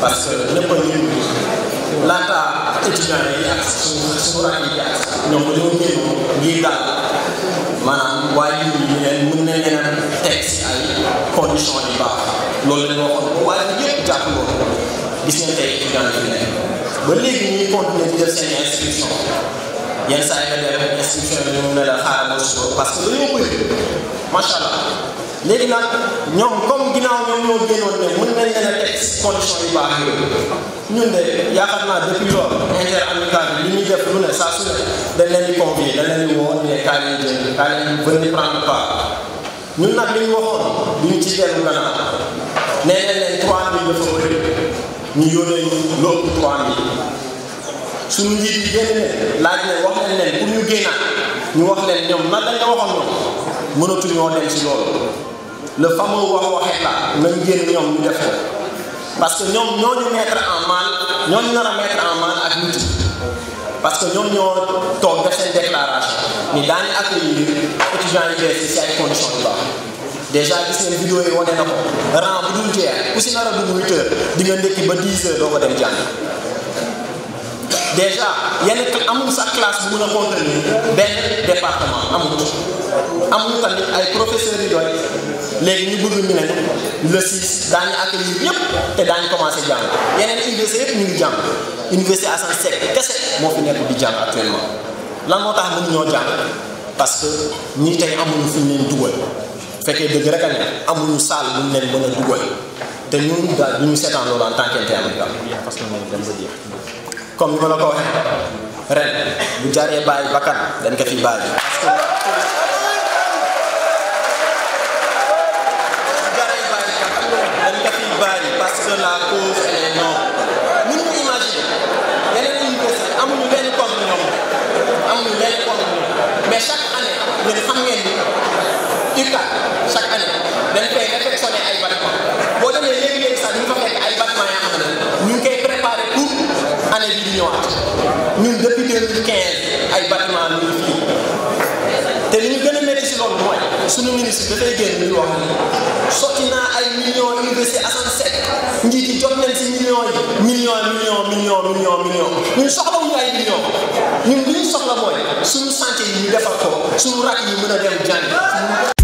parce que ñëpp a ñëw laata étudiants yi ak suñu suñu rakk yi ak ñoom ñoo ñëw ngir daal maanaam waaye ñu ñu leen mën na leen teg si ay conditions yu baax loolu la ñu waaye ñëpp jàpp loolu gis nga tey étudiants ba léegi ñuy continuer di def seen inscription yenn saa yi nga def inscription yi ñu la xaaral ma suba parce que dañoo bëri macha allah léegi nag ñoom comme ginnaaw ñoom ñoo génnoon ne mën nañ leen a teg condition yu baax yooyu ñun de yaakaar naa depuis loolu inter amical bi li ñuy def lu ne su ne dañ leen di convier dañ leen di woo ne kaay leen jël kaay leen venir prendre part ñun nag li ñu waxoon duñ ci dellu gannaaw nee na leen ñu yónnee lu ëpp 3000 suñu njiit yi génn ne laaj ne wax nañ leen pour ñu génnaat ñu wax leen ñoom nan lañ nga waxoon ñoom mënatuñoo dem ci loolu le fameux wax waxee la nañ génn ñoom ñu def ko parce que ñoom ñoo ñu mettre en mal ñoo ñu nar a mettre en mal ak nit parce que ñoom ñoo toog def seen déclaration ni daañu accueillir étudiants yi bees yi ci ay conditions yu baax. dèjà gis ngeen vidéo yi wane na ko rang bu dul jeex ku si nar a dugg huit heures di nga ndékki ba diis heures doo ko dem jàng dèjà yenn amul sax classe bu mën a contenir benn département amul amul tamit ay professeurs yu doy léegi ñu bëgg ñu ne le 6 daañu accueillir ñëpp te daañu commencé jàng yeneen université yëpp ñu ngi jàng université Assane Seck kese moo fi nekk di jàng actuellement lan moo tax mënuñoo jàng parce que ñi tey amuñu fi ñu leen fekkee dëgg rek ak amuñu sal bu ñu leen mëna a té te ñun daal ñu sétan loolu en tant qu'intermédiaire parce que mo dem ba jeex comme ñu ma la ko wax rek bu jaré bàyyi bakkat dañ ko fi bàyyi mais chaque année ñun xam sunu ministre dafay génn ñu wax sotti naa ay millions université Assane Seck njiit yi jot nañ si millions yi millions millions millions millions millions ñun soxla wuñu ay millions ñun li ñu soxla mooy suñu santé yi ñu defar ko suñu rak yi mën a dem jàng